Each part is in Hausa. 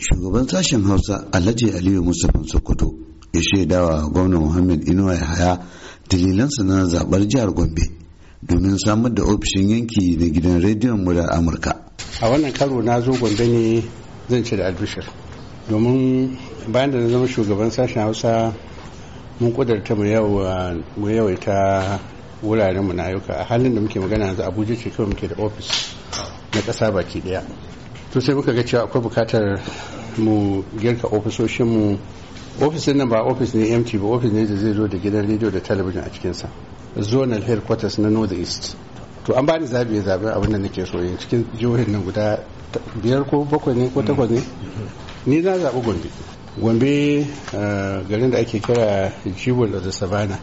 shugaban sashen hausa alhaji aliyu mustapha sokoto ya shaida wa gwamnan muhammad inuwa yahaya dalilansa na zabar jihar gombe domin samar da ofishin yanki na gidan rediyon mu da amurka a wannan karo na zo gombe ne zan ci da albishir domin bayan da na zama shugaban sashen hausa mun kudurta mu yawaita wuraren mu na ayyuka a halin da muke magana yanzu abuja ce kawai muke da ofis na ƙasa baki ɗaya to sai muka ga cewa akwai bukatar mu girka ofisoshinmu ofis nan ba ofis ne mt ba ofis ne da zai zo da gidan rediyo da talabijin a cikinsa zonal headquarters na north east to an bani zabi ya zabi abin da nake so yin cikin jihohin nan guda biyar ko bakwai ne ko takwas ne ni na zaɓi gombe gombe eh, garin da ake kira jibol da savannah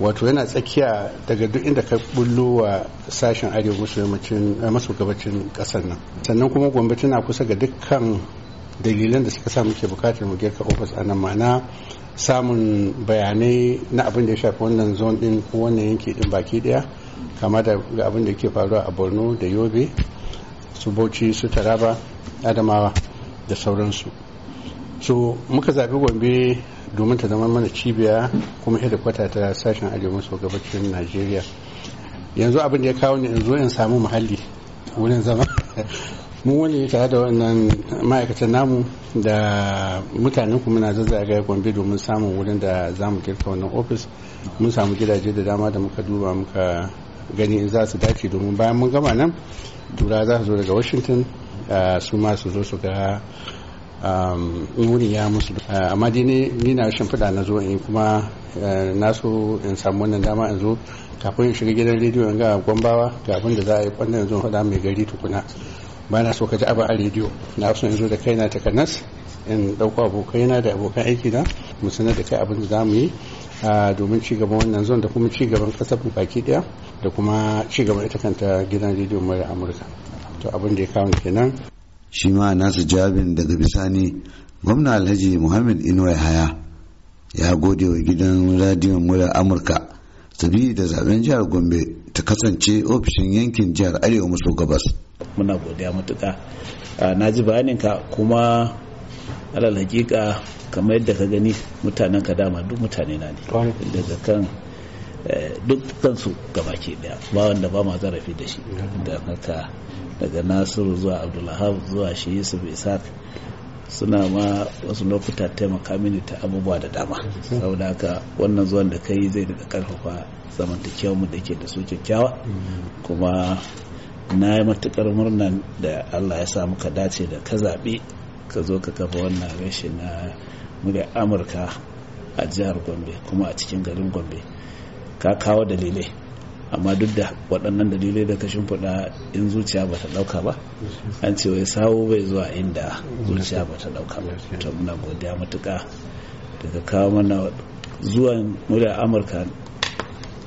wato yana tsakiya daga duk inda ka bullo wa sashen arewa maso eh, gabacin kasar nan sannan kuma gombe tana kusa ga dukkan dalilan da suka sa muke bukatar mu girka ofis a nan ma'ana samun bayanai na abin da ya shafi wannan zon din ko wannan yanki din baki daya kama da abin da ke faruwa a borno da yobe su bauchi su taraba adamawa da sauransu so muka zaɓi gombe domin ta zama mana cibiya kuma kwata ta sashen arewa maso gabacin najeriya yanzu abin da ya kawo ne yanzu in samu muhalli wurin zama mu wani tare da wannan ma'aikatan namu da mutanen kuma na zazzagaya gombe domin samun wurin da za mu girka wannan ofis mun samu gidaje da dama da muka duba muka gani in za su dace domin bayan mun gama nan tura za su zo daga washington ah, su ma su zo su ga muni um, ya musu amma dai ni na shimfiɗa na zo in kuma eh, na so in samu wannan dama in zo kafin in shiga gidan rediyo in ga gwambawa ga abin da za a yi kwanan yanzu faɗa mai gari tukuna ba na so ka ji abu a rediyo na so in zo da kaina ta kanas in ɗauko abokaina da abokan aiki na mu sanar da kai abin da za mu yi ah, domin cigaban wannan zon da kuma cigaban kasar baki ɗaya da kuma cigaban ita kanta gidan rediyo mara amurka to abin da ya kawo kenan shi ma nasu jabin daga bisani gwamna alhaji muhammad inuwa haya ya gode wa gidan radiyon murar amurka sabida da zaben jihar gombe ta kasance ofishin yankin jihar arewa maso gabas muna godiya matuka na ji bayaninka kuma alal hakika kamar yadda ka gani mutanen ka dama duk mutane na ne daga kan Eh, duk kansu gabaki daya ba wanda ba ma zarafi da shi da haka daga nasiru zuwa abdullahab zuwa shi yusuf isaac suna ma wasu lokuta taimaka mini ta abubuwa da dama saboda haka wannan zuwan da kai zai daga karfafa zamantakewar da ke da su kyakkyawa kuma na yi matukar murnan da allah ya samu ka dace da ka zaɓi ka zo ka kafa wannan reshe na murya amurka a jihar gombe kuma a cikin garin gombe ka kawo dalilai amma duk da waɗannan dalilai da ka shimfiɗa in zuciya ba ta ɗauka ba an ce wai sawo bai zuwa inda zuciya ba ta ɗauka ba to muna godiya matuƙa daga kawo mana zuwan muryar amurka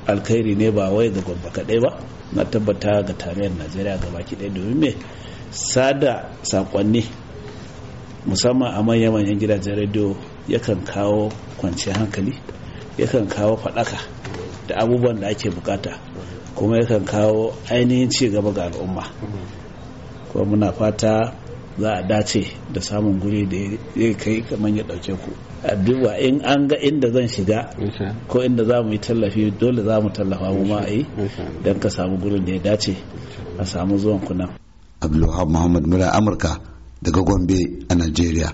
alkhairi ne ba wai ga gwamba kaɗai ba na tabbata ga tarayyar najeriya ga baki ɗaya domin me sada saƙonni musamman a manya-manyan gidajen rediyo yakan kawo kwanciyar hankali yakan kawo faɗaka da abubuwan da ake bukata kuma yakan kawo ainihin ci gaba ga al'umma kuma muna fata za a dace da samun guri da ya kai kamar ya dauke ku duba in an ga inda zan shiga ko inda za mu yi tallafi dole za mu tallafa mu ma a yi don ka samu gurin da ya dace a samu zuwan kuna abdulwahab muhammad mura amurka daga gombe a nigeria